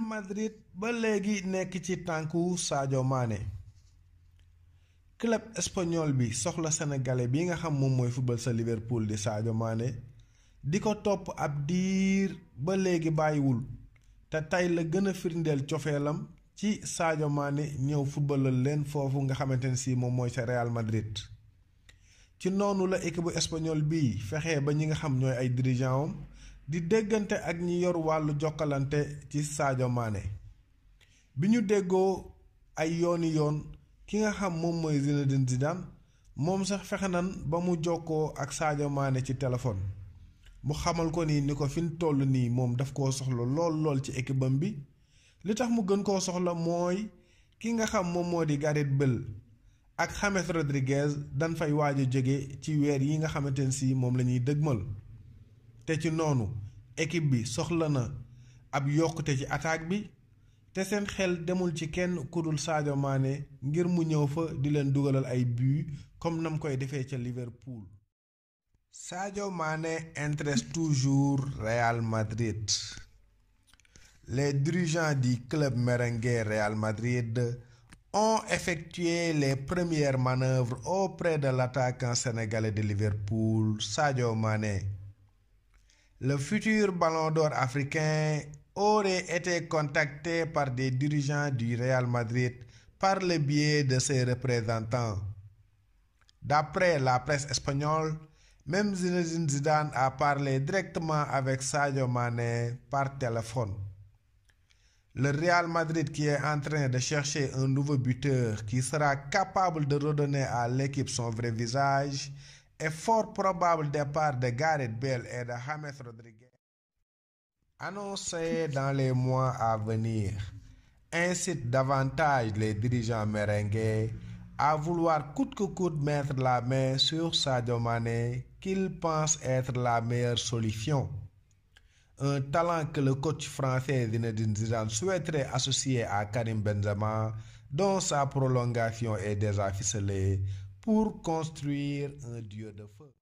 Real ba léegi nekk ci tànku Sadio Mané club espagnol bi soxla sénégalais bi nga xam moom mooy football sa Liverpool di Sadio Mané di ko topp ab diir ba léegi bàyyiwul te tey la gën a firndeel cofeelam ci saajo maane ñëw footballal leen foofu nga xamante ne si moom mooy sa Real Madrid ci noonu la équipe bu espagnol bi fexe ba ñi nga xam ñooy ay dirigeants di déggante ak ñi yor wàllu jokkalante ci saajo maane bi ñu déggoo ay yooni yoon ki nga xam moom mooy Zinedine Zidane moom sax fexe nan ba mu jokkoo ak saajo maane ci téléphone mu xamal ko ni ni ko fi mu toll nii moom daf koo soxla lool lool ci équipe bi li tax mu gën koo soxla mooy ki nga xam moom moo di Gareth bël ak James Rodriguez dañ fay waaj jóge ci weer yi nga xamante ne si moom la ñuy dëgmal. te ci noonu équipe bi soxla na ab yokkute ci attaque bi te seen xel demul ci kenn kudul saajo Mané ngir mu ñëw fa di leen dugalal ay but comme nam koy defee ca Liverpool. Sadio Mané intéresse toujours Real Madrid. Les dirigeants du club merengue Real Madrid ont effectué les premières manœuvres auprès de l'attaquant sénégalais de Liverpool, Sadio Mané. le futur ballon d'or africain aurait été contacté par des dirigeants du Real Madrid par le biais de ses représentants. D'après la presse espagnole, même Zinedine Zidane a parlé directement avec Sadio Mané par téléphone. Le Real Madrid qui est en train de chercher un nouveau buteur qui sera capable de redonner à l'équipe son vrai visage a fort probable départ de Gareth Bale et de James Rodriguez annoncé dans les mois à venir incite davantage les dirigeants merengues à vouloir coûte que coûte mettre la main sur Sadio Mané qu'il pense être la meilleure solution. Un talent que le coach français Zinedine Zidane souhaiterait associer à Karim Benzema, dont sa prolongation est déjà ficelée pour construire un dieu de feu.